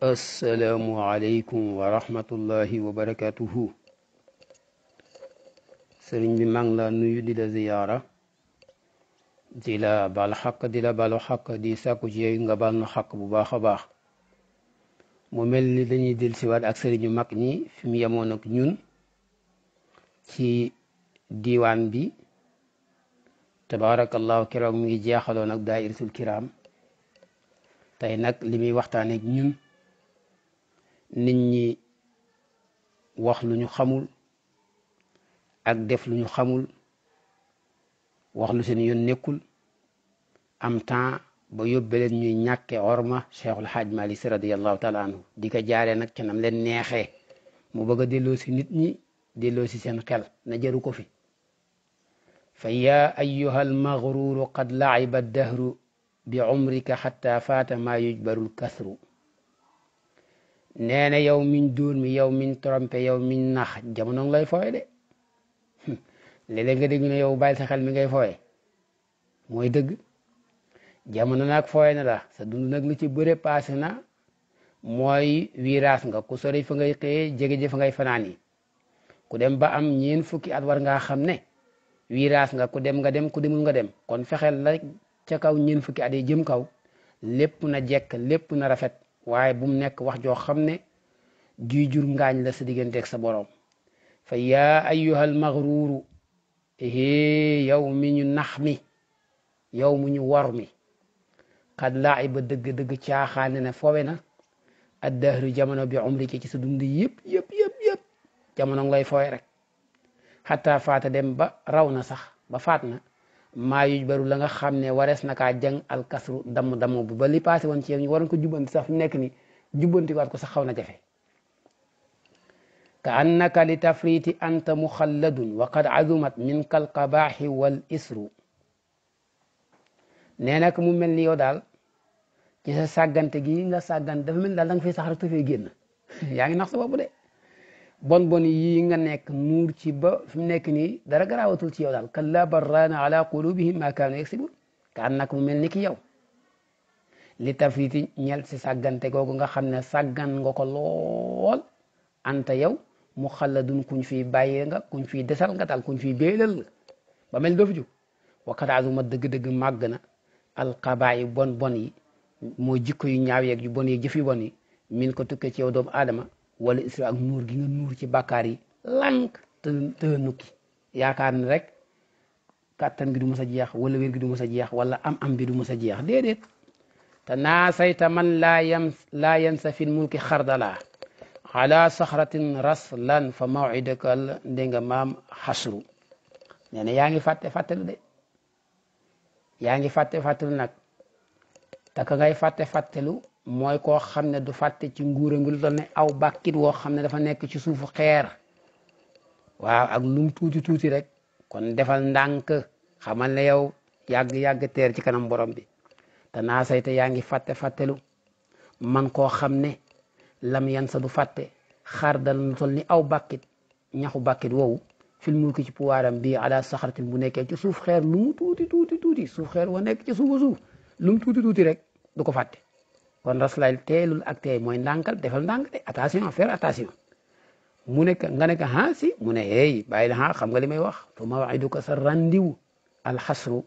asalaamualeykum wa rahmatullahi wa sëriñ bi maa ngi la nuyu di la ziyaara di la baal xaq di la baalu xaq di sàkku ci yooyu nga baal na xaq bu baax a baax mu mel ni dañuy del siwaat ak sëriñu mag ñi fi mu yemoon ak ñun ci diwaan bi tabaarakallahu keroog mi ngi jeexaloon ak daayiratul kiraam tey nag li muy ñun nit ñi wax lu ak def lu ñu xamul wax lu seen yoon nekkul am temps ba yóbbeleen ñuy ñàkke orma cheikhul xaaj malik si radiallahu taala anhu di jaaree nag nam leen neexee mu bëgg a delloo si nit ñi delloo si seen xel na jaru ko fi fa yaa ayuha almagruru qad laiba dahru bi umrika xata faata maa yujbaru lkasru nee na yow miñ duur mi yow miñ trompé yow miñ nax jamono ngi lay fooye de léeg-léeg nga dégg ne yow bàyyi sa xel mi ngay fooye mooy dëgg jamono nag fooye na la sa dund nag lu ci bëre paase na wii ras nga ku sore fa ngay xëyee jege fa ngay fanaan yi ku dem ba am ñeen fukki at war ngaa xam ne wii ras nga ku dem nga dem ku demul nga dem kon fexeel la ca kaw ñeen fukki at yi jëm kaw lépp na jekk lépp na rafet waaye bu nekk wax joo xam ne juy jur ngaañ la sa digganteeg sa borom fa yaa ayyuhal maghruuru hee yow mi ñu nax mi yow mu ñu war mi xad laa ba dëgg-dëgg caaxaane ne foowe na addahru jamono bi umri ci sa dund yëpp yëpp yëpp yëpp jamono ngi rek xataa faata dem ba raw na sax ba faat na ma yuj baru la nga xam ne warees na kaa jàng alkasru damm damm bu ba li passé woon ci yow ñu waroon ko jubbanti sax fi nekk ni jubbanti waat ko sax xaw na jafe ka annaka li tafriti anta muxalladun wa qad azumat min kal qabaaxi wal isru nee nag mu mel ni yow daal ci sa sàggante gi la sàggante dafa mel ni daal da nga fay sax rek tu fee génn hmm. yaa ngi nax sa bopp de bon bon yi nga nekk muur ci ba fi mu nekk nii dara garaawatul ci yow daal kalla barraana ala qulubihim ma kaanu yaksibun ka an nag mu mel ni ki yow li tafriti ñel si sàggante googu nga xam ne sàggan nga ko lool anta yow mu xalladun kuñ fi bàyyee nga kuñ fi desal nga daal kuñ fi béelal ba mel doo fi jóg wakkat azuma dëgg-dëgg màgg na alqabaa yi bon bon yi moo jikko yu ñaaw yeeg yu bon yi jëf yu bon yi min ko tukkee ci yow doomu aadama wala isra ak nuur gi nga nuur ci bàkkaar yi lànk nukki yaakaar ne rek kàttan gi du mës a jeex wala wér gi du mës a jeex wala am-am bi du mës a jeex déedéet te naa sayta man laa yam laa yansa fi mulki xardala ala saxratin raslan fa mawidakal nde nga maam xasru nee na yaa ngi fàtte fàttelu de yaa ngi fàtte fàttelu nag te ka ngay fàtte fàttelu mooy koo xam ne du fàtte ci nguuram gi lu ne aw bàkkit woo xam ne dafa nekk ci suufu xeer waaw ak lu mu tuuti tuuti rek kon defal ndànk xamal ne yow yàgg-yàgg ci kanam borom bi te naa sayte yaa ngi fàtte fàttelu man koo xam ne lam yan sa du fàtte xaar dal lu ni aw bàkkit ñaxu bàkkit woowu fil mulki ci puwaaram bii ala saxaratin bu nekkee ci suuf xeer lu tuuti tuuti wa nekk ci suufa lu tuuti tuuti rek du ko fàtte kon rasulaay teelul ak tey mooy ndànkal defal ndànk de attention faire attention mu ne nga ne ko ah si mu ne hey bàyyi la ah xam nga li may wax fa maw'iduka sa randiwu alxasru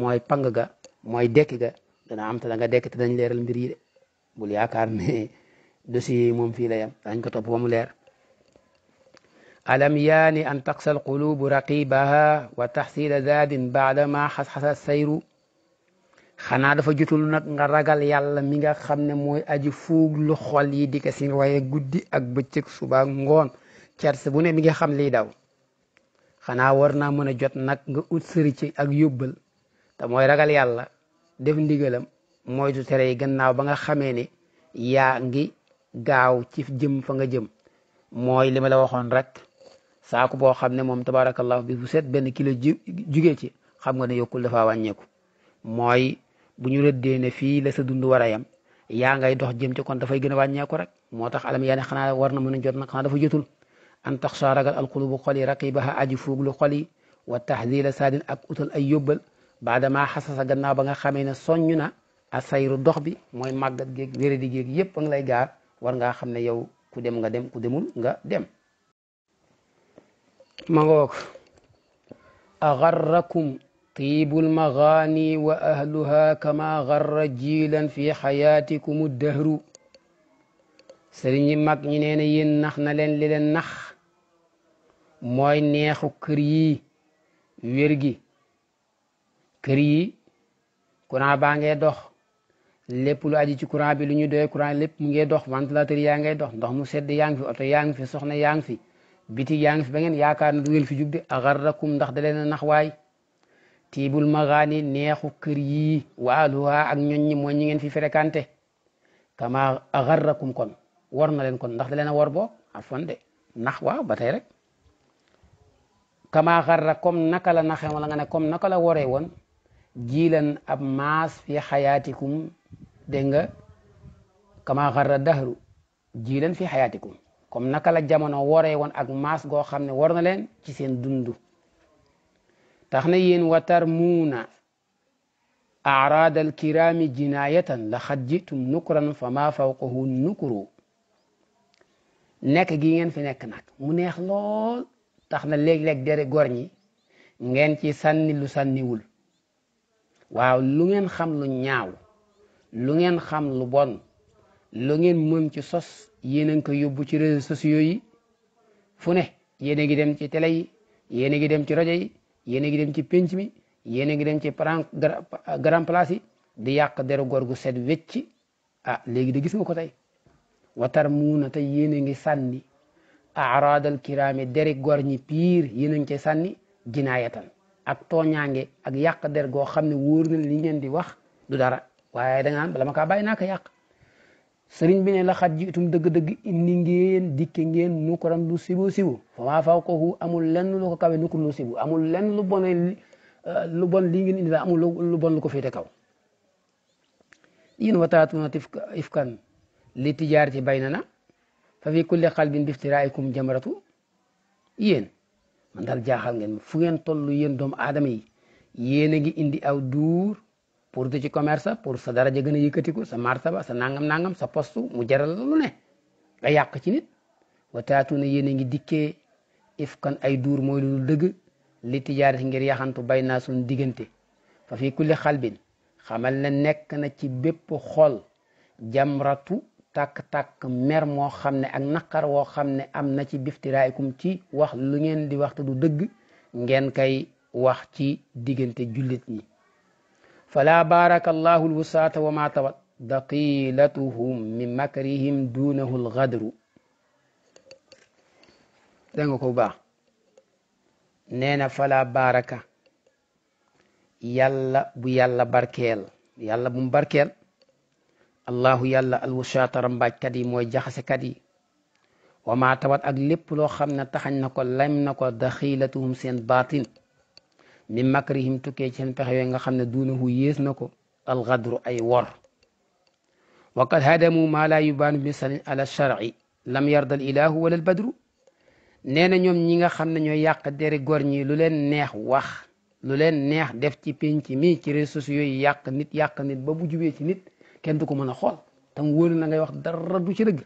mooy pang ga mooy dekki ga dana am te da nga dekk te dañ leeral mbir yi de bul yaakaar ne dossier yi moom fii la yam dañ ko topp ba mu leer alam yaani an taqsal qulubu raqibaha wa taxsila zaadin baada ma xasxasa sayru xanaa dafa jotul nag nga ragal yàlla mi nga xam ne mooy aji fuug lu xol yi di ko si waaye guddi ak bëccëg suba ngoon cerse bu ne mi nga xam liy daw xanaa war naa mën a jot nag nga ut sëriñ ci ak yóbbal te mooy ragal yàlla def ndigalam moytu tere yi gannaaw ba nga xamee ne yaa ngi gaaw ci jëm fa nga jëm mooy li ma la waxoon rek saako boo xam ne moom tabaarakallahu bi bu set benn kilo jugee ci xam nga ne yokkul dafa wàññeeku mooy bu ñu rëddee ne fii la sa dund war a yem yaa ngay dox jem ci kon dafay gën a wàññeeku rek moo tax alam yaa ne xanaa war na mën a jot nag ta dafa jotul an tax saa ragal alqulubu xol yi raqibaha aji fuuglu xol yi wa tahdila saadin ak utal ay yóbbal baadamaa xasasa gannaaw ba nga xamee ne soññ na a asayru dox bi mooy màggat géeg wéradi géeg yépp a lay gaar war ngaa xam ne yow ku dem nga dem ku demul nga dem ma ngoog agarrakum tiibul magaani wa ahluha kama garra jiilan fi xayaatikumu dahru sëriñ yi mag ñi nee na yéen nax na leen li leen nax mooy neexu kër yi wér gi kër yi courant baa ngay dox lépp lu ci courant bi lu ñu doy courant lépp mu ngee dox ventilateur yaa ngay dox ndox mu sedd yaa ngi fi oto yaa ngi biti yaa ngi fi ba ngeen yaakaar na du ngeen fi jug de agarrakum tiibul magaani neexu kër yii waaluha ak ñoñ ñi mooy ñi ngeen fi fréquenté kama agarrakum kon war na leen kon ndax da leen a war boo afwan de ba tey rek kama garra comme naka la naxe wala nga ne comme naka la waree woon jiilan ab maas fi xayaatikum dégg nga kama garra dahru jiilan fi xayaatikum comme naka la jamono waree woon ak maas goo xam ne war na leen ci seen dundu tax na yéen watar muuna araada alkiraami jinaayatan la xat jitum nukran fa maa fawqahu nukru nekk gi ngeen fi nekk nag mu neex lool tax na léeg-léeg dere gor ñi ngeen ci sànni lu sànniwul waaw lu ngeen xam lu ñaaw lu ngeen xam lu bon lu ngeen mën ci sos yéen a ngi koy yóbbu ci réseaux sociaux yi fu ne yéen a ngi dem ci télé yi yéen a ngi dem ci rajo yi yéen a ngi dem ci pénc mi yéen a ngi dem ci grand place yi di yàq deru góor gu set wecci a ah, léegi de gis nga ko tey watar muuna te yéen a ngi sànni araadal kiraami deri góor ñi piir yéen a ngi cay sànni jinaayatan ak tooñaange ak yàq der goo xam ne wóor na li ngeen di wax du dara waaye da nga naan bala ma naa ko yàq sëriñ bi ne la xat ji itum dëgg-dëgg indi ngeen dikke ngeen nu koram lu sibu sibu fama faw koku lu ko kawe nu ko lu sibu amul lenn lu bon eh, lu bon lii ngeen lu bon lu ko féete kaw yéen wataatuna ifkan li tijaarati baynana fa fi kulli xalbin biftiraaikum jamratu yéen man daal jaaxal ngeen fu ngeen toll yéen doomu aadama yi yéen ngi indi aw duur pour du ci commerce pour sa daraja gën a yëkkatiku sa martaba sa nangam nangam sa postu mu jaral la ne nga yàq ci nit wa taatu na yéen a ngi dikkee ifkan ay duur mooy lu dëgg li tijaarati ngir yaxantu bay naa suñ diggante fa fi kulli xalbin xamal ne nekk na ci bépp xol jamratu tàkk-tàkk mer moo xam ne ak naqar woo xam ne am na ci biftiraaykum ci wax lu ngeen di wax du dëgg ngeen kay wax ci diggante jullit ñi fala baraka allahu lwusaata wa ma tawat daqilatuhum min makrihim duunahu lgadru dégg nga ko bu baax nee na fala baraka yàlla bu yàlla barkeel yàlla bu mu barkeel allahu yàlla alwusaata rambaajkat yi mooy jaxasekat yi wa ma tawat ak lépp loo xam ne taxañ na ko lam na ko daxilatuhum seen baatin min makrihim tukkee ci seen pexe yooyu nga xam ne duunahu yées na ko alxadru ay wor wa qad hadamu maa yu yubaanu bi misalin ala sharci lam yardal ilaahu wala albadru nee na ñoom ñi nga xam ne ñooy yàq deri góor ñi lu leen neex wax lu leen neex def ci pénc mi ci réseaux sociaux yi yàq nit yàq nit ba bu jubee ci nit kenn du ko mën a xool tam wóor na ngay wax dara du ci dëgg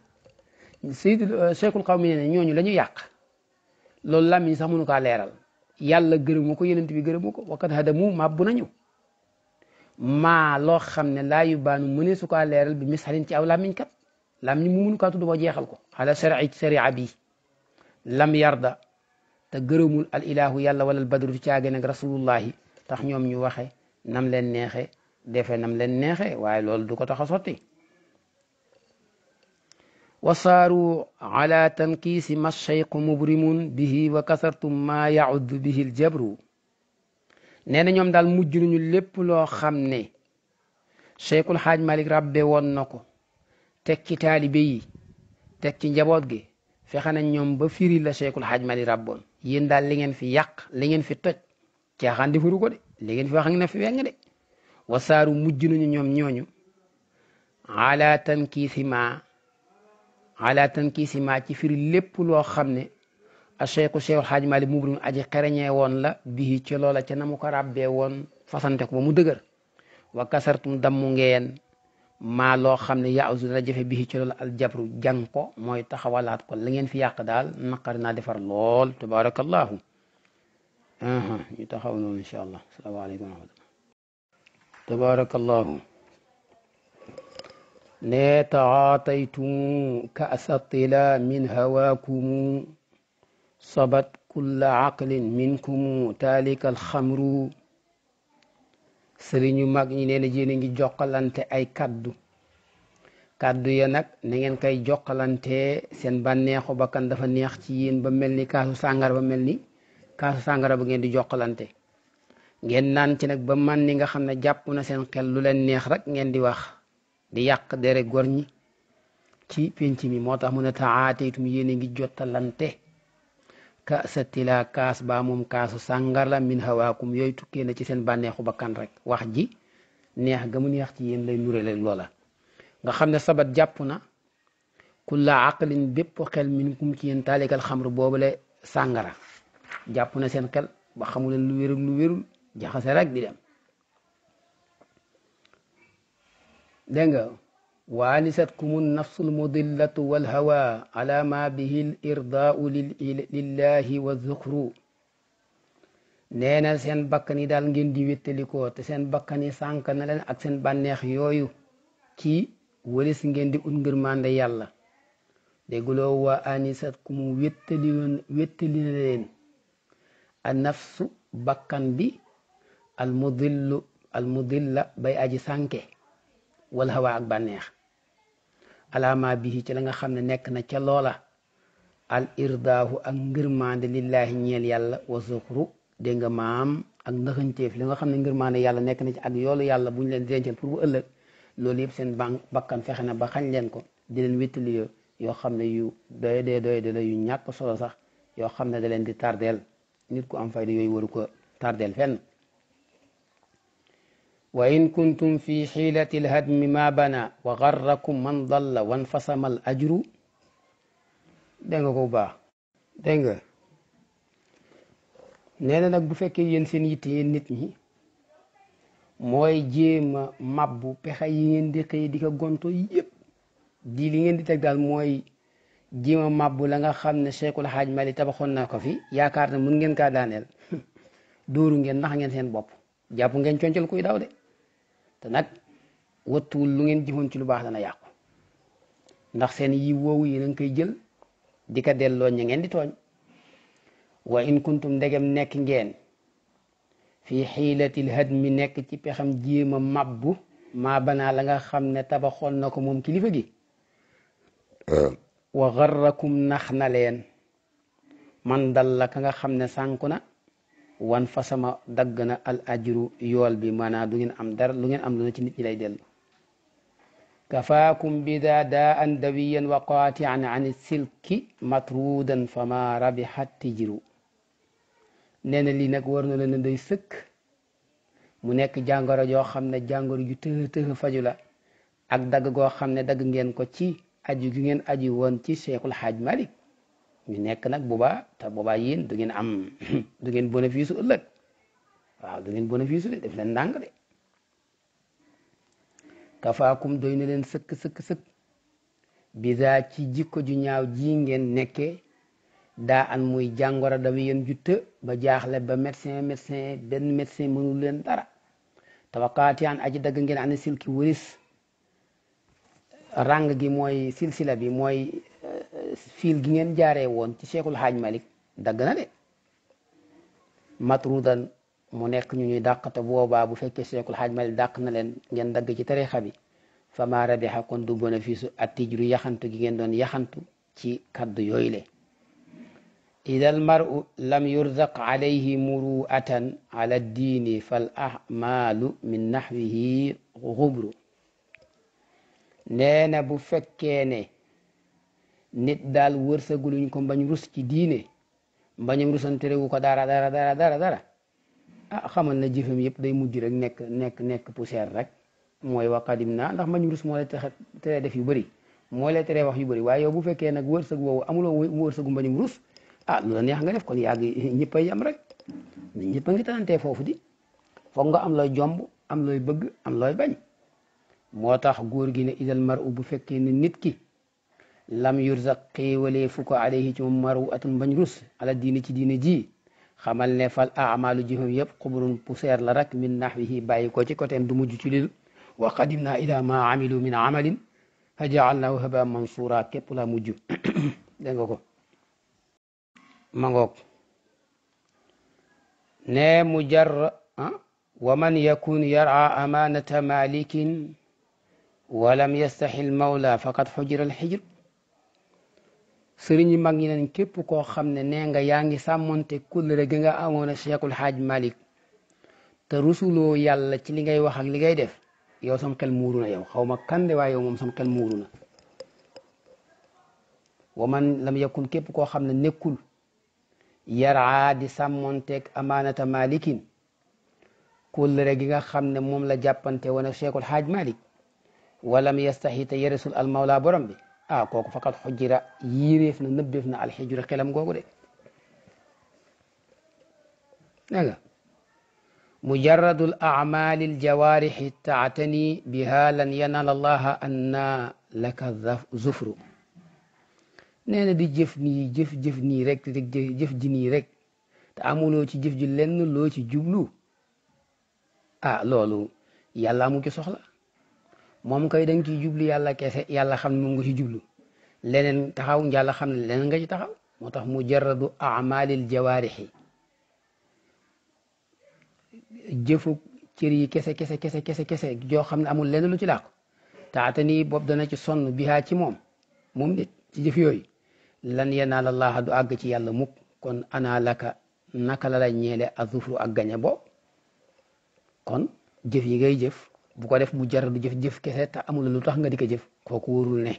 Seydou Cheikhul Xawmi nee na ñooñu la ñu yàq loolu làmmiñ sax mënu kaa leeral yàlla gërëmu ko yonent bi gërëmu ko waqat hadamu mabbu nañu maa loo xam ne laa yu baanu mënee su kaa leeral bi misalin ci aw làmmiñ kat làmmiñ mu mënu kaa tudd ba jeexal ko ala sharci sharia bi lam yarda te gërëmul al ilahu yàlla wala al badru ci caage nag rasulullahi tax ñoom ñu waxe nam leen neexe defe nam leen neexe waaye loolu du ko tax a sotti wa saaru ala tankiisi ma sheyqu mubrimun bihi wa kasartum ma yaud bihi ljabru nee na ñoom daal mujj nañu lépp loo xam ne cheikhul xaaj malik rabbe woon na ko teg ci taalibe yi teg ci njaboot gi fexe nañ ñoom ba firi la cheikhul xaaj malik rabboon yéen daal li ngeen fi yàq li ngeen fi toj caaxaan di furu ko de li ngeen fi wax ngeen fi weng de wasaaru mujj nañu ñoom ñooñu ala tankiisi ma ala tankisi ma ci firi lépp loo xam ne a cheikhu cheikhul xaaj malik mubrim aji xereñee woon la bii ci loola ca na mu ko ràbbee woon fasante ko ba mu dëgër wa kasartum dammu ngeen maa loo xam ne yaasu dana jafe bii ci loola aljabru jàng ko mooy taxawalaat ko la ngeen fi yàq daal naqari naa defar lool tabarakallahu ñu taxaw noonu incha allah salaamaaleykum wa rahmatullah tabarakallahu ne taxaataytum ka asatila min hawaakumu sabat kulla aqlin minkumu taalika alxamru sëriñu mag ñi nee na yéen a ngi jokkalante ay kaddu kaddu ya nag na ngeen koy jokkalante seen bànneexu bakkan dafa neex ci yéen ba mel ni kaasu sàngara ba mel ni kaasu sàngara ba ngeen di jokkalante ngeen naan ci nag ba man ni nga xam ne jàpp na seen xel lu leen neex rek ngeen di wax di yàq dere gor ñi ci penc mi moo tax mu na taataytum yéen a ngi jottalante kaasa tila kaas ba moom kaasu sàngara la min hawaakum yooyu tukkee na ci seen bànneexu bakkan rek wax ji neex ga mu neex ci yéen lay nurale loola nga xam ne sabat jàpp na kulla aqlin bépp xel minkum ci yéen taalikal xamr boobale sàngara jàpp na seen xel ba xamuleen lu wérul lu wérul jaxase rek di dem dégg nga waalisat kumu nafsul mudillatu walhawa ala ma bihi l irdaau lillahi wa zuxru nee seen bakkan yi daal ngeen di wéttalikoo te seen bakkan yi sànk na leen ak seen banneex yooyu ci walis ngeen di ut ngërmande yàlla dégguloo waa anisat kumu wéttali na leen a nafsu bakkan bi al mudillu al bay aji sànke wal hawa ak bànneex alaama bii ci la nga xam ne nekk na ca loola al irdaahu ak ngirmaande lillahi ñeel yàlla wa zuxru dégg nga maam ak ndaxanteef li nga xam ne ngirmaande yàlla nekk na ci ak yoolu yàlla bu ñu leen dencal pour bu ëllëg loolu yëpp seen banque bakkan fexe na ba xañ leen ko di leen wéttali yoo yoo xam ne yu doy dee doy de la yu ñàkk solo sax yoo xam ne da leen di tardeel nit ku am fayda yooyu waru ko tardeel fenn wa in kuntum fi xiilati lhadmi ma bana wa garrakum man dalla wanfasama al ajru dégg nga ko bu baax dégg nga nee na nag bu fekkee yéen seen yitte yéen nit ñi mooy jéema mabbu pexe yi ngeen di xëy ko gonto yépp di li ngeen di teg mooy jéema mabbu la nga xam ne Cheikhul ma Mali tabaxoon na ko fi yaakaar na mun ngeen kaa daaneel dóoru ngeen nax ngeen seen bopp jàpp ngeen concal kuy daw de te nag wattuwul lu ngeen jëfoon ci lu baax dana yàqu ndax seen yi woowu yi nañ koy jël di ko delloo ña ngeen di tooñ wa in kuntum ndegem nekk ngeen fii xiilatil hadmi nekk ci pexam jéem a mabbu maa banaa la nga xam ne tabaxoon na ko moom kilifa gi wa garrakum nax na leen man dal la ka nga xam ne sànku na wan fa sama dagg na al ajru yool bi maanaam du ngeen am dara lu ngeen am lu ne ci nit ñi lay dellu kafaakum bida daa an dawiyan wa qaatian an silki matruudan fama rabihat tijiru nee na lii nag war na leen day sëkk mu nekk jàngoro joo xam ne jàngoro ju tëx tëx faju la ak dagg goo xam ne dagg ngeen ko ci aju gi ngeen aju woon ci Cheikhul Hadj Malick ñu nekk nag boobaa te booba yéen du ngeen am du ngeen bénéfice su ëllëg waaw du ngeen bénéfice de def leen ndànk de kafaakum doy na leen sëkk sëkk sëkk bisaa ci jikko ju ñaaw ji ngeen nekkee da an muy jàngoro dafa yéen jutta ba jaaxle ba médecin médecin benn médecin mënul leen dara tawaqaati an aji dagg ngeen ana silki waris rang gi mooy silsila bi mooy fiil gi ngeen jaaree woon ci Cheikhul Haaj Malik dagg na de matrudan mu nekk ñu ñuy dàq te boobaa bu fekkee Cheikhul Haaj Malik dakk na leen ngeen dagg ci tarixa bi fama rabiha kon du bénéfice attijru yaxantu gi ngeen doon yaxantu ci kaddu yooyu le ida almaru lam yurzaq alayhi muruatan ala diini fal ahmaalu min nahwihi xubru nee bu fekkee nit daal wërsëguluñ ko mbañ rus ci diine mbañam rusante rewu ko dara dara dara dara dara ah xamal na jëfam yëpp day mujj rek nekk nekk nekk poussière rek mooy waqadim naa ndax mbañ rus moo lay tere def yu bëri moo lay tere wax yu bëri bu fekkee nag wërsëg woowu amuloo wërsëgu mbañam rus ah lu la neex nga def kon yàgg ñëpp a yem rek ñëpp a ngi tanantee foofu di foog nga am looy jomb am looy bëgg am looy bañ moo tax góor gi ne idal mar u bu fekkee ne nit ki lam yurzaq xéewalee fu ko alayhi ci moom maru atum bañ rus ala diine ci diine ji xamal ne fal amalu jëfam yëpp xuburun poussière la rek min nahwihi bàyyi ko ci côté du mujj ci lil wa qadimna ila ma amilu min amalin fa jaalnaahu haba mansura képp la mujj dégg nga ko mangoog ne mu jar ah, wa man yakun yara amanata malikin walam yastaxi l mawla faqad xujira al xijr sëriñ yu mag ñi neen képp koo xam ne nee nga yaa ngi sàmmonte kóllëre gi nga amoon a Cheikhul Xaaj Malik te rusuloo yàlla ci li ngay wax ak li ngay def yow sam xel muuru na yow xaw ma kande waaye yow moom sam xel muuru wa man lam yakun képp koo xam ne nekkul yaraa di sàmmonteeg amaanata malikin kóllëre gi nga xam ne moom la jàppante woon ak Cheikhul Xaaj Malik walam yastaxi te yeresul almawla borom bi ah kooku fakat xujjira yiireef na nëbbeef na alxijra xelam googu de dégg nga mujarradul taatani biha lan yanaal allaha anna laka zufru nee di jëf nii jëf jëf nii rek te jëf ji amuloo ci jëf ci jublu ah loolu yàlla amu soxla moom kay da nga ciy jublu yàlla kese yàlla xam ne moom nga ci jublu leneen taxaw yàlla xam ne leneen nga ci taxaw moo tax mujarradu amalil jawaarixi jëfu cër yi kese kese kese kese kese joo xam ne amul lenn lu ci làqu taata nii boobu dana ci sonn bihaa ci moom moom nit ci jëf yooyu lan yanaal allaha du àgg ci yàlla mukk kon ana laka naka la la ñeele azufru ak gañe boobu kon jëf yi ngay jëf bu ko def mu jar du jëf-jëf kese te amul lu tax nga di ko jëf kooku wóorul ne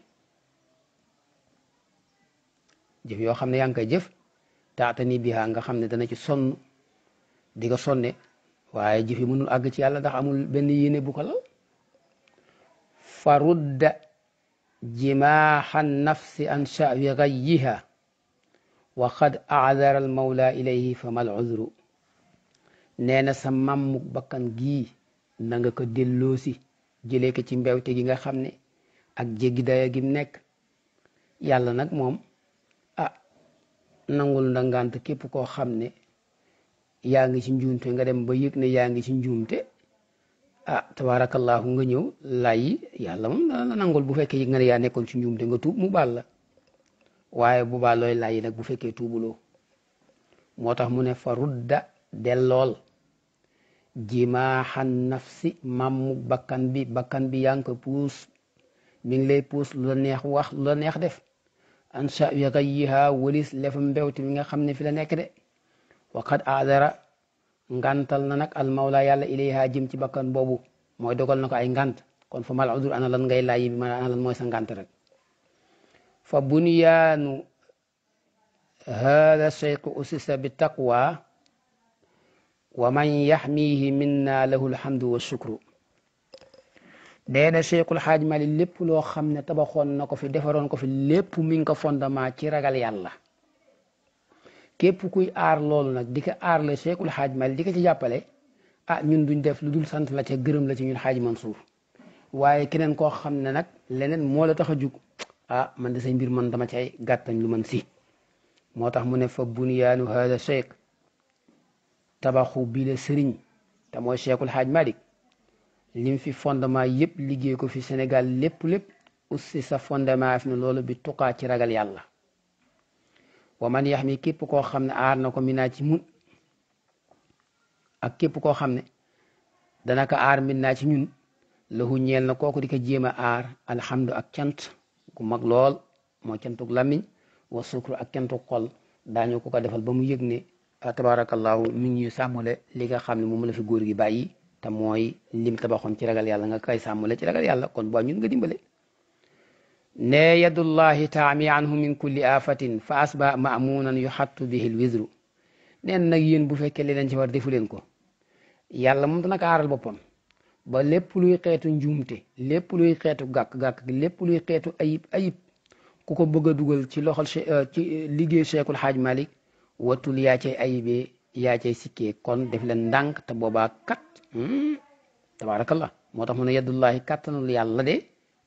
jëf yoo xam ne yaa ngi koy jëf taata nga xam ne dana ci sonn di ko sonne waaye jëf yi mënul àgg ci yàlla ndax amul benn yéene bu ko lal farudda jimaaxan nafsi an sha'wi ghayyiha wa qad a'dara al mawla fa mal uzru nee sa màmmuk bakkan gii na nga ko delloosi jëlee ko ci mbewte gi nga xam ne ak jéggi daya gim nekk yàlla nag moom ah nangul na ngànt képp koo xam ne yaa ngi ci njuumte nga dem ba yëg ne yaa ngi ci njuumte ah tabaarakallaahu nga ñëw layi yàlla moom nangul bu fekkee yëg yaa nekkoon ci njuumte nga tuub mu balla waaye bu baal looy nag bu fekkee tuubuloo moo tax mu ne fa rudda dellool jimaaxan nafsi màmmu bakkan bi bakkan bi yaa ngi ko puus mi ngi lay puus lu la neex wax lu la neex def ansa yaka yiha walis lefam mbewti mi nga xam ne fi la nekk de waqad aadara ngantal na nag almawla yàlla ilayha jëm ci bakkan boobu mooy dogal na ay ngant kon fa mal udur ana lan ngay laaj bi maanaam ana lan mooy sa ngant rek fa bunyaanu haada shayqu usisa bi taqwa wa man yaxmihi minna lahu lhamdu wa shukru nee na Cheikhul Xaaj Mali lépp loo xam ne tabaxoon na ko fi defaroon ko fi lépp mi ngi ko fondement ci ragal yàlla képp kuy aar loolu nag di ko aar la Cheikhul Xaaj Mali di ko ci jàppale a ah ñun duñ def lu dul sant la ca gërëm la ci ñun Xaaj Mansour waaye keneen koo xam ne nag leneen moo la tax a jug ah man de say mbir man dama ci ay gàttañ lu man si moo tax mu ne fa bunyaanu hada cheikh tabaxu bile sëriñ te mooy Cheikhul Hadj lim fi fondement yépp liggéey ko fi senegal lépp lépp ussi sa fondement fi ne loolu bi tuqaa ci ragal yàlla wa man yax mi képp koo xam ne aar na ko minaa ci mun ak képp koo xam ne dana ko aar minaa ci ñun lahu ñeel na kooku di ko jéem a aar alhamdu ak cant ku mag lool moo cantuk làmmiñ wa sukru ak cantuk kol daañu ko ko defal ba mu yëg ne Euh, tabaarakallaahu mi ngi ñuy sàmmale li nga xam ne moom la fi góor gi bàyyi te mooy lim tabaxoon ci ragal yàlla nga koy sàmmale ci ragal yàlla kon boo ñun nga dimbale ne yadullahi taami anhu min kulli afatin fa asba maamunan yuxattu bihi lwisru neen nag yéen bu fekkee li leen ci war defu leen ko yàlla moom dana ko aaral boppam ba lépp luy xeetu njuumte lépp luy xeetu gàkk-gàkk lépp luy xeetu ayib ayib ku ko bëgg a dugal ci loxol euh, ci euh, liggéey Cheikhul Xaaj Malik watul yaa cay ayibee yaa cay sikkee kon def leen ndànk te boobaa kat hmm, tabaarakallah moo tax mu ne yaddullahi kàttanul yàlla de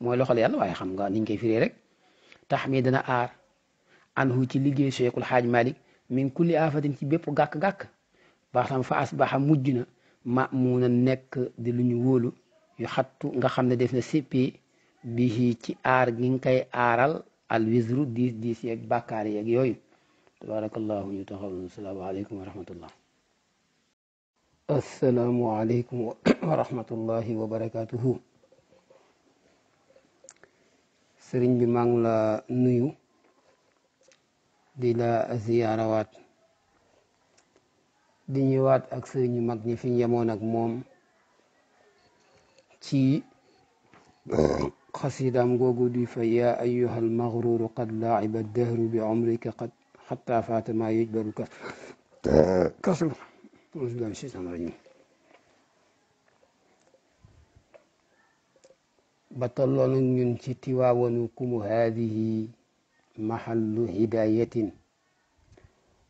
mooy loxol yàlla waaye xam nga niñ koy firee rek tax mi dana aar anhu ci liggéey Cheikhul Xaaj Malik min kulli aafatin ci bépp gàkk-gàkk baax tam fa asbaxa mujj na ma mun a nekk di lu ñu wóolu yu xattu nga xam ne def na séppi bi ci aar gi nga koy aaral al wisru diis diis yeeg bàkkaar yeeg yooyu tabaarakallaahu ñu taxaw asalaamaaleykum wa rahmatullah asalaamualeykum wa rahmatullahi wa barakaatuhu sëriñ bi maa ngi la nuyu di la ziyaarawaat di ñëwaat ak sëriñ mag ñi fi yemoon ak moom ci xasidaam googu di fa yaa ayuha almagruru qad laaciba addahru bi cumrika qad xataa faatama ci tiwaawanu kumu haadihi maxallu hidayatin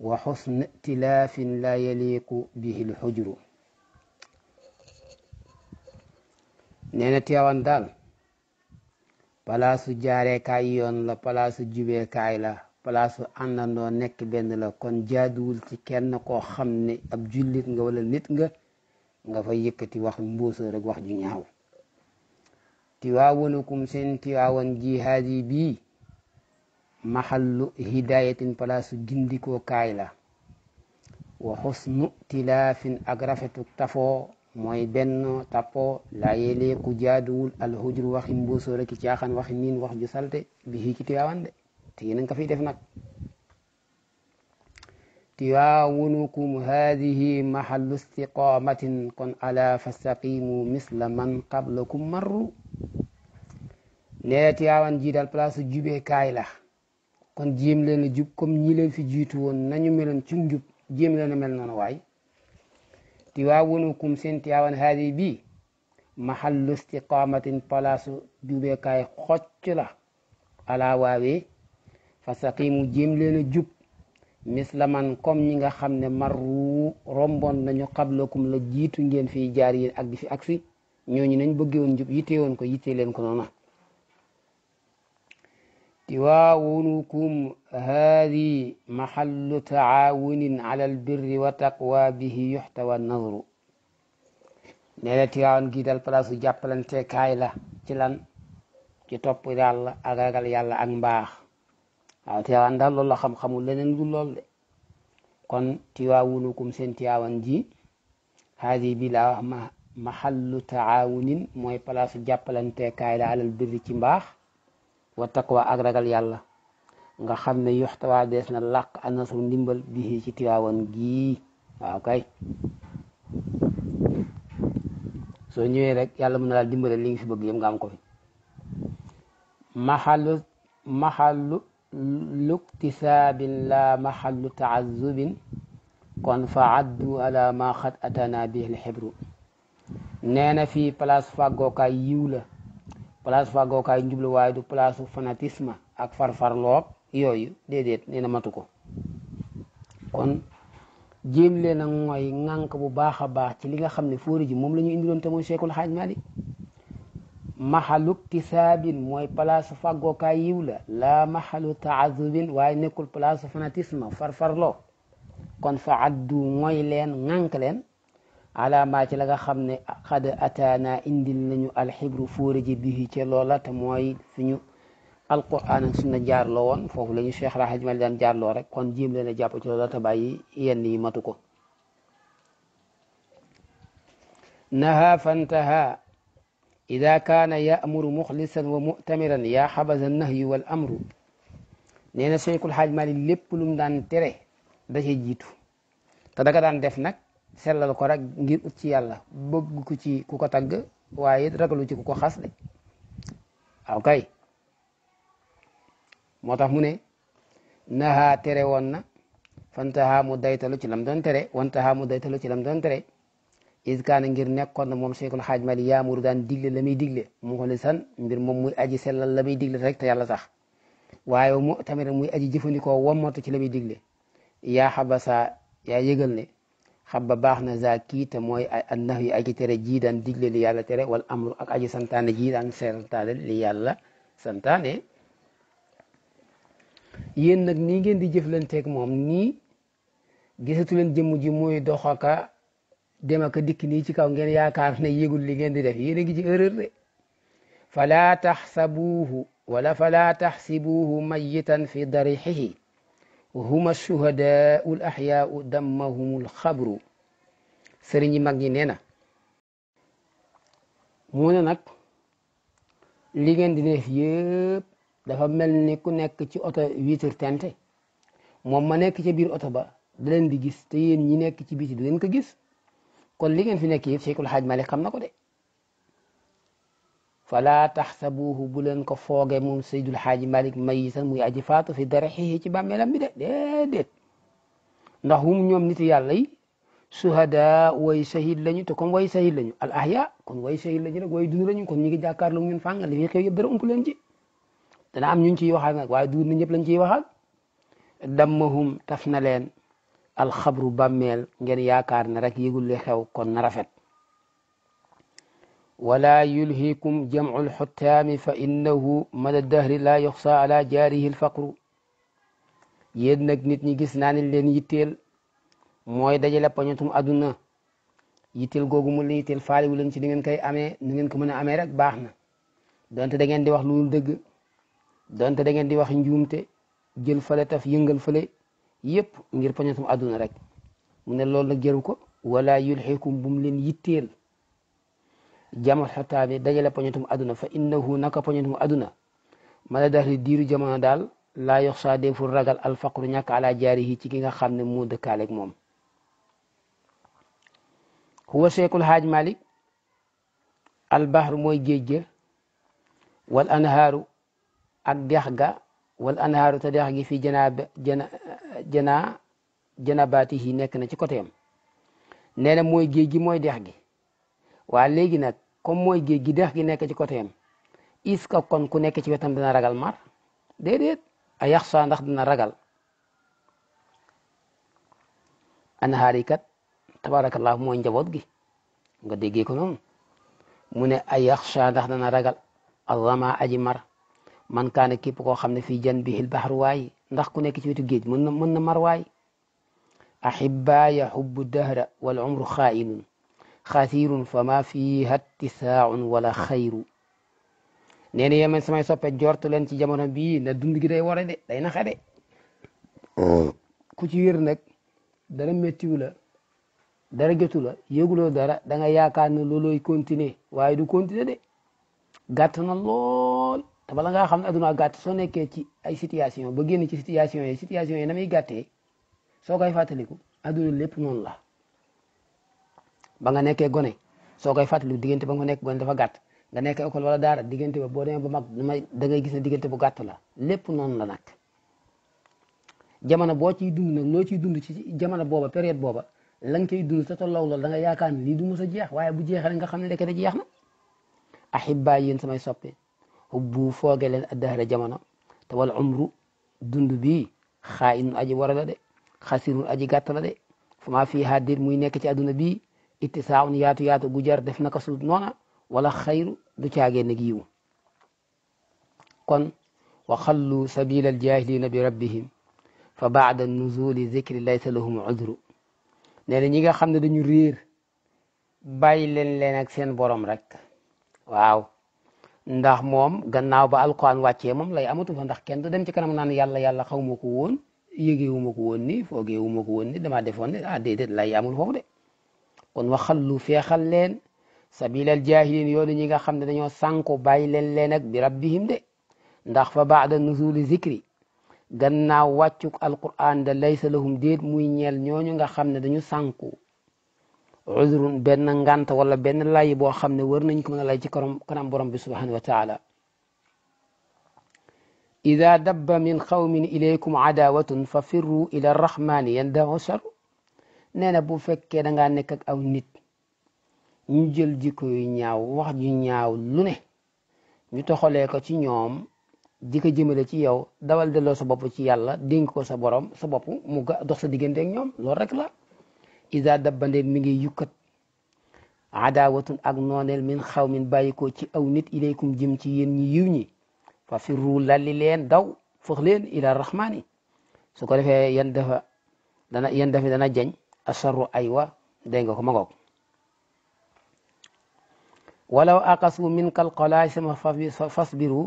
wa xusne tilaafin laa yaliqu bihi lxujru nee na Tiwaawan daal palaasu jaareekaay yoon la palaasu jubeekaay la place àndandoo nekk benn la kon jaaduwul ci kenn koo xam ne ab jullit nga wala nit nga nga fa yëkkati wax mbóosa rek wax ju ñaaw tiwaawanukum seen tiwaawan jihaad yi bii maxallu hidayatin place gindikoo kaay la wa xusnu tilaafin ak rafetuk tafoo mooy benn tappoo laa yeeleeku jaaduwul alhujur waxi mbóosa rek caaxaan waxi niin wax ju salte bi hii ci tiwaawan de tii nanga ko fiy def nag tiwaawunukum hadihi mahallu istiqamatin kon ala fastaqimu misla man qablakum marru nee Tiwaawan ji daal place su jubeekaay la kon jéem leen a jub comme ñi leen fi jiitu woon nañu meloon ci njub jéem leen a mel noonu waay tiwaawunukum seen Tiwaawan haadi bii mahallu istiqamatin place su jubeekaay xocc la ala waawee fastaqimu jéem leen a jub misla man kom ñi nga xam ne marru romboon nañu xablakum la jiitu ngeen fi jaar yéen ak di fi agsi ñooñu nañ bëggewoon jub yitte woon ko yitte leen ko noona tiwaawunukum haadi mahallu taawunin ala albirri wa taqwa bihi yuxtawa nazru nee na tiwaawan gii dal palaasu jàppalante la ci lan ci topp yàlla ak ak mbaax waaw Tiwaawan daal loolu la xam-xamul leneen du lool de kon Tiwaawunukum seen Tiwaawan ji haadi bi ma mahallu taawunin mooy palaasu jàppalanteekaay la alal birri ci mbaax wa taqwa ak ragal yàlla nga xam ne yoxtawaa dees na làq anasru ndimbal bii ci Tiwaawan gii waaw kay soo ñëwee rek yàlla mën na laa dimbale li nga fi bëgg yëpp ko fi maxallu luktisaabin la mahallu taazubin kon fa addu ala ma xat atana bihil xibru nee na fii place fàggookaay yiw la place fàggookaay njubluwaay du place fanatisme ak farfarloog yooyu déedéet nee na matu ko kon jéem leen a mooy ŋànk bu baax a baax ci li nga xam ne fóori ji moom la ñu indiloon te mooy Seexul Xaaj Maalik maxalu tisaabin mooy place fàggookaay yiw la laa maxalu taazubin waaye nekkul place fanatisme farfarloo kon fa addu mooy leen ŋànk leen alaamaa ci la nga xam ne xad na indi nañu alxibru fóore ji bihi ci loola te mooy fu ñu alquran ak sunna jaarloo woon foofu la ñu cheikh rahaj mali daan jaarloo rek kon jéem leen a jàpp ci loola te bàyyi yenn yi matu ko naha fantaha ida kaana yaamuru muxlisan wa mutamiran yaa xabasa nahyu wal amru nee na Cheikhul Xaaj Maalik lépp lu mu tere da cee jiitu te da ka daan def nag sellal ko rag ngir ut ci yàlla bëgg ku ci ku ko tagg waaye ragalu ci ku ko xas de waaw ah, kay moo tax mu ne nahaa tere woon na fantahaa mu lu ci lam doon tere wantahaa mu daytalu ci lam doon tere iskaana ngir nekkoon na moom Cheikhul Xaaj Mali yaamuru daan digle la muy digle muxlisan mbir moom muy aji sellal la may digle rek te yàlla tax waaye mu tamit muy aji jëfandikoo wommatu ci la muy digle yaa xaba sa yaa yëgal ne xaba baax na za kii te mooy annax yu aji tere ji daan digle li yàlla tere wal amru ak aji santaane ji daan santaane li yàlla santaane yéen nag nii ngeen di jëflanteeg moom nii gisatu leen jëmm ji muy dox dem ak dikk nii ci kaw ngeen yaakaar ne yëgul li ngeen di def yéen a ngi ci erreur de falaa taxsabuuhu wala falaa taxsibuuhu mayitan fi darixihi huma shuhadaau l axyaau dammahumul xabru sëriñ yi mag nee na mu ne nag li ngeen di def yëpp dafa mel ni ku nekk ci oto vitre teintée moom ma nekk ci biir oto ba da leen di gis te yéen ñi nekk ci biti da leen ko gis kon li fi nekk yëpp Cheikhul Hadj Malick xam na ko de fala taxsabuhu bu leen ko fooge moom Seydul Hadj Malick mayitan muy aji faatu fi dara xixi ci bàmmeelam bi de déedéet ndax hum ñoom nit yàlla yi suhada way shahid lañu te comme way shahid lañu al ahya kon way shahid lañu rek way dund lañu kon ñu ngi jàkkaarloo ñun fànga li fi xew yëpp dara ump leen ci dana am ñun ciy waxaat nag waaye dund na ñëpp lañ ciy waxaat dammahum taf na leen alxabru bammeel ngeen yaakaar ne rek yëgul li xew kon na rafet wala yulhikum jamcu alxutaami fa innahu mada dahri laa yoxsa ala jaarihi alfaqru yéen nag nit ñi gis naa ne leen yitteel mooy dajale pañotum àdduna yitteel googu mu la yitteel faali wu ci ni ngeen koy amee nu ngeen ko mën a rek baax na donte da ngeen di wax lu dul dëgg donte da di wax njuumte jël fële taf yëngal fële yépp ngir mu àdduna rek mu ne loolu nag jëru ko wala yulxikum bu mu leen yitteel jamal xataa bi dajale poñatum àdduna fa innahu naka mu àdduna mala daxri diiru jamono daal la yox saa deeful ragal alfaqru ñàkk ala jaarihi ci ki nga xam ne moo dëkkaaleeg moom huwa seekul xaaj malik albahru mooy géej ga wal anhaaru ak ga wal anhaaru te dex gi fi janaa jana janaa janabaatihi nekk na ci côté am nee na mooy géej gi mooy dex gi waa léegi nag comme mooy géej gi dex gi nekk ci côté am is ka kon ku nekk ci wetam dana ragal mar déedéet a yax saa ndax dana ragal anhaar yi kat tabaarakallah mooy njaboot gi nga déggee ko noonu mu ne a yax saa ndax dana ragal a aji mar man kaane képp koo xam ne fii janbihil bahru waay ndax ku nekk ci wetu géej mën na mën na mar waay ahibbaaya hubbu dahra wal umru xaa'inun xasirun fa ma fiiha tisaaun wala xayru nee na samay soppe jortu leen ci jamono bii na dund gi day wara de day naxa de oh. ku ci wér nag dara méttiwu la dara jotu dara da yaakaar ne loolooy continuer waaye du continuer de gàtt na te bala ngaa xam ne adduna gàtt soo nekkee ci ay situation ba génn ci situation situation yi na muy gàttee soo koy fàttaliku adduna lépp noonu la ba nga nekkee gone soo koy fàttaliku diggante ba nga nekk gone dafa gàtt nga nekkee école wala daara diggante ba boo demee ba mag da ngay gis ne diggante bu gàtt la lépp noonu la nag jamono boo ciy dund nag loo ciy dund ci jamono booba période booba la nga koy dund sa tolloo loolu da nga yaakaar ni lii du mës a jeex waaye bu jeexee nga xam ne ndeke da jeex na ahibba yéen may soppe hubbu fooge leen addahra jamono te wal umru dund bi xaa inun aji wara la de xasirun aji gàtt de fu maa fii haddir muy nekk ci adduna bi ittisaaun yaatu yaatu gu jar def naka sud noona wala xayru du caagee nag yiw kon wa xallu sabila aljahilina bi rabbihim fa baada nuzuli zikri laysa lahum udru nee na ñi nga xam ne dañu réer bàyyi leen leen ak seen borom rek ndax moom gannaaw ba alquran wàccee moom lay amatu fa ndax kenn du dem ci kanam naan yàlla yàlla xaw ma ko woon yëgee wu ma ko woon ni foogee wu ma ko woon ni damaa defoon ne ah déedéet lay amul foofu de kon waxal lu feexal leen sabilal jaahiliin yoonu ñi nga xam ne dañoo sànko bàyyi leen leen ak bi rabbihim de ndax fa baada nuzuli zikri gannaaw wàccuk alquran da laysa lahum déet muy ñeel ñooñu nga xam ne dañu sànku udrun benn ngant wala benn lay boo xam ne war nañ ko mën a lay kanam borom bi subhanahu wa taala ida dabba min xawmin ilaykum adawatun fa firru ila rahmani yan dao saru na bu fekkee da ngaa nekk ak aw nit ñu jël jikko yu ñaaw wax ju ñaaw lu ne ñu toxalee ko ci ñoom di ko jëmale ci yow dawal delloo sa bopp ci yàlla dénk ko sa borom sa bopp mu dox sa diggante ak ñoom loolu rek la isa dabbandeeg mi ngi yukkat adawatun ak nooneel min xaw min bàyyi ko ci aw nit ilaykum jëm ci yéen ñi yiw ñi fa firru lalli leen daw fox leen ila rahmaani su ko defee yan dafa dana yan dafi dana jañ asarru aywa dégg nga ko ma ngoog walaw aqasu min kal qalaasima fasbiru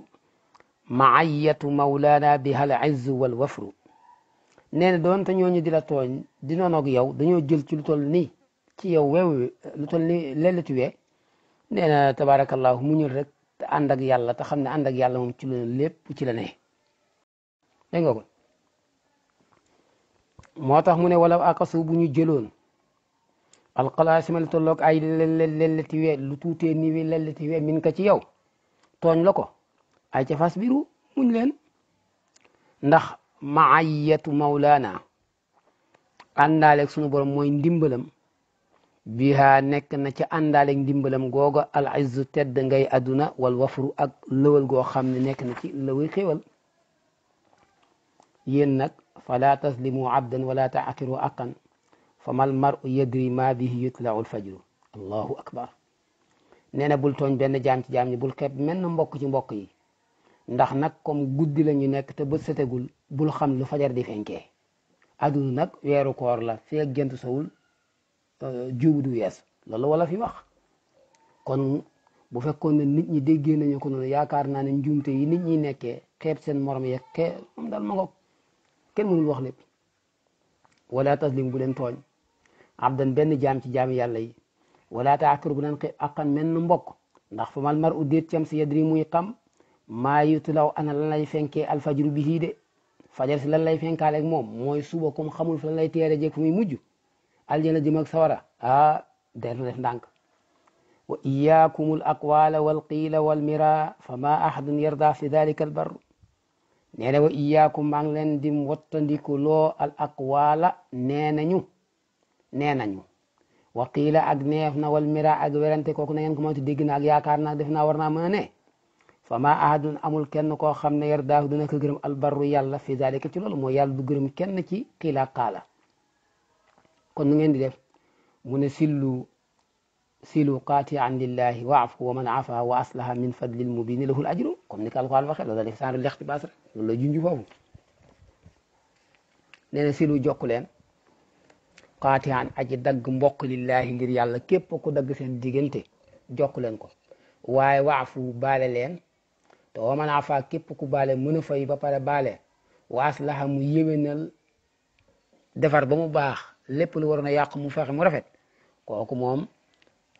maayatu mawlaana bihal izzu wal wafru nee na doonte ñooñu di la tooñ di nonoog yow dañoo jël ci lu toll nii ci yow wew lu toll nii lelleti wee nee na tabaarakallahu muñul rek te ànd ak yàlla te xam ne ànd ak yàlla ci la lépp ci la ne dégg nga moo tax mu ne wala akasu bu ñu jëloon ma lu tolloog ay lelleti wee lu tuutee nii wi lelleti wee min ka ci yow tooñ la ko ay ca fas biru muñ leen ndax maayatu maulana àndaaleeg sunu borom mooy ndimbalam biha nekk na ci àndaaleeg ndimbalam googa al izzu tedd ngay adduna wal wafru ak lëwal goo xam ne nekk na ci lëway xéwal yéen nag fala taslimu abdan wala taaqiru aqan fa mal maru yadri ma bihi yutlau lfajru allahu akbar nee na bul tooñ benn jaam ci jaam ñi bul xeeb menn mbokk ci mbokk yi ndax nag comme guddi la ñu nekk te bët setegul bul xam lu fajar di fenke adduna nag weeru koor la feeg jant sowul euh, juubu du wees loolu wala fi wax kon bu fekkoon ne nit ñi déggee nañu ko noonu yaakaar naa ne njuumte yi nit ñi nekkee xeeb seen morom ye xeeb moom daal ma ngoog kenn mënul wax lépp wala taslim bu leen tooñ abdan benn jaam ci jaam yàlla yi wala taakir bu leen aqan menn mbokk ndax fa mal mar u déet si yadri muy xam maa yutulaw ana lan lay fenkee alfajru bi de fajar si lan lay fenkaaleeg moom mooy suba kom xamul fi lan lay teere jeeg fu muy mujj aljana jëm ak sawara ah der na def ndànk wa iyaakumul aqwaala wal qiila wal mira fa ma ahadun yarda fi dalika al barr nee wa iyaakum maa ngi leen di wattandiku loo al aqwaala nee nañu nee nañu wa qiila ak neef na wal mira ak werante kooku na ngeen ko moytu dégg na ak yaakaar na def naa war naa fa ma ahadun amul kenn ko xam ne yardaahu dina ko gërëm albarru yàlla fi zalika ci loolu mooy yàlla du gërëm kenn ci xiila kaala kon nu ngeen di def mu ne sillu silu qaati an lillahi waafu wa man afa wa aslaha min fadlil mubini lahul ajru comme ni ko alxuraan waxee loolu def sanru lextibaas rek loolu la junj foofu nee na silu jokk leen qaati an aji dagg mbokk lillahi ngir yàlla képp ku dagg seen diggante jokk leen ko waaye waafu baale leen te waman afa képp ku baale mën a ba pare baale waas laxa mu yéwénal defar ba mu baax lépp lu waroon a yàq mu fexe mu rafet kooku moom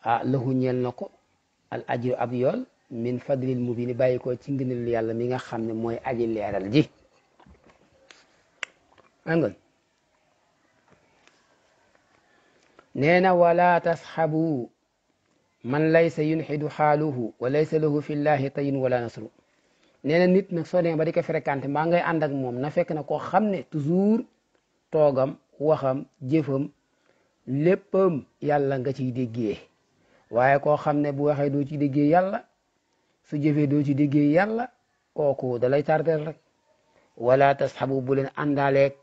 ah lahu ñeel na ko al ajru ab yool min fadlil mubini bàyyi ko ci ngënalul yàlla mi nga xam ne mooy aji leeral ji angal nee na wala tasxabu man laysa yunxidu xaaluhu wa laysa lahu fi llahi tayin wala nasru nee nit nag soo ma ba di ko fréquenté mbaa ngay ànd ak moom na fekk na koo xam ne toujours toogam waxam jëfam léppam yàlla nga ciy déggee waaye koo xam ne bu waxee doo ci déggee yàlla su jëfee doo ci déggee yàlla kooku da lay tardeel rek wala tasxabu bu leen àndaaleeg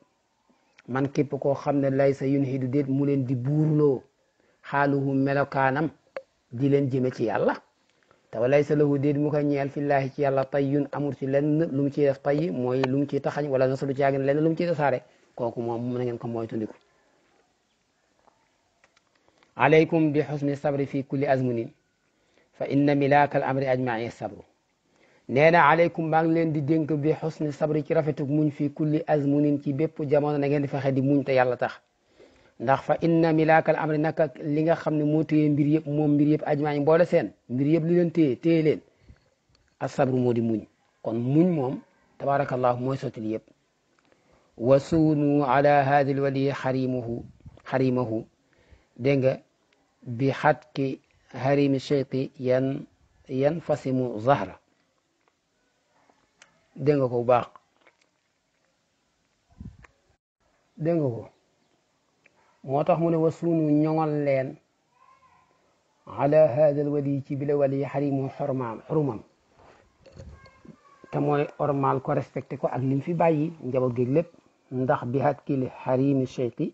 man képp koo xam ne lay sa yun xidu déet mu leen di buurloo xaaluhu melokaanam di leen jëme ci yàlla te walay sa lahu déet mu ko ñeel fillaahi ci yàlla tayyun amul ci lenn lu ci ciy def tayyi mooy lu mu ciy taxañ wala nasalu caagin lenn lu mu ciy tasaare kooku moom mu na ngeen ko mooy tundiku alaykum bi xusni sabri fi kulli azmunin fa inna milaaka al amri i sabru nee na aleykum maa ngi leen di dénk bi xusni sabri ci rafetuk muñ fi kulli azmunin ci bépp jamono na ngeen di fexe di muñ te yàlla tax ndax fa inna milaakal amri naka li nga xam ne moo téye mbir yëpp moom mbir yëpp ajmaañ mboole seen mbir yëpp li leen téye téye leen moo di muñ kon muñ moom tabaarakallahu mooy sottil yëpp wa suunu ala haadil wali xarimahu xarimahu dégg nga bi xatki harimi cheyqi yan yan fasimu zahra dégg ko bu baax dégg ko moo tax mu ne wasunu ñoŋal leen ala haadal wali ci bile wali xarimu xormaam xorumam te mooy ormal ko respecté ko ak lim fi bàyyi njaboot gi lépp ndax bi hakkil xarimi cheikhi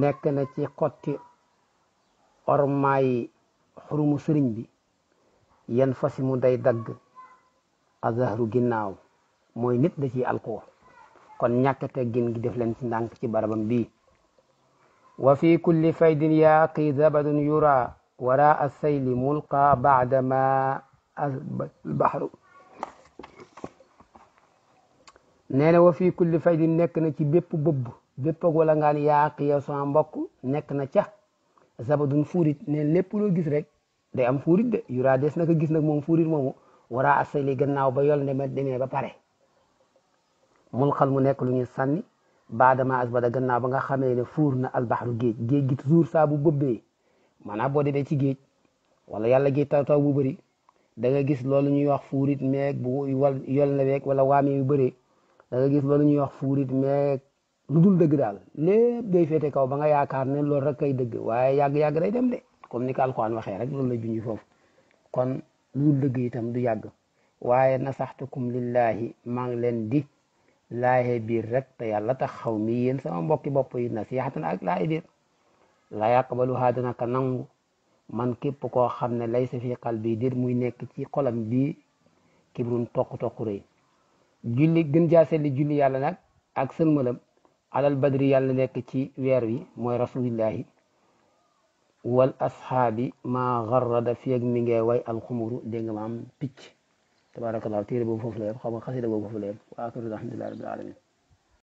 nekk na ci xotti ormaayi xurumu sëriñ bi yan fasi mu day dagg azahru ginnaaw mooy nit da ci alkoor kon ñàkk teggin gi def leen ci ndànk ci barabam bi wa fi kulli faydin yaaqi zabadun yura wara assayli mulqa baadama albaxru nee na wa fi kulli faydin nekk na ci bépp bëbb bépp ak wala yaaqi yow sama mbokk nekk na ca zabadun fuurit neen lépp loo gis rek day am fuurit de yura des na ko gis nag moom fuurit moomu wara assayli gannaaw ba yol ndemet demee ba pare mulqal mu nekk lu ñu sànni baadama asbada gannaaw ba nga xamee ne fuur na albaxru géej géej gi toujours saa bu bëbbee maanaam boo demee ci géej wala yàlla géej taw taw bu bëri da nga gis loolu ñuy wax fuurit meeg bu wal yol na weeg wala waame yu bëree da nga gis ñuy wax fuurit meeg lu dul dëgg daal lépp day féete kaw ba nga yaakaar ne loolu rek kay dëgg waaye yàgg-yàgg day dem de comme ni ko alxuraan waxee rek loolu la junj foofu kon lu dul dëgg itam du yàgg waaye nasaxtukum lillahi maa leen di laaye biir rek te yàlla tax xaw mi yéen sama mbokki bopp yi nasihatan ak laaye biir laa yaqbaluha dana ka nangu man képp koo xam ne laysa fi qalbi dir muy nekk ci xolam bi kibrun tokk tokk rëy julli gën jaaselli julli yàlla nag ak sëlmalam alal badri yàlla nekk ci weer wi mooy rasulillahi wal asxaabi ma garrada fiyeg mi nge way alxumuru dégg nga maam picc tabaarakallaahu téere boobu foofu la yem xam nga xasida boobu foofu la yem wa aaxiru alhamdulillahi rabbil alamin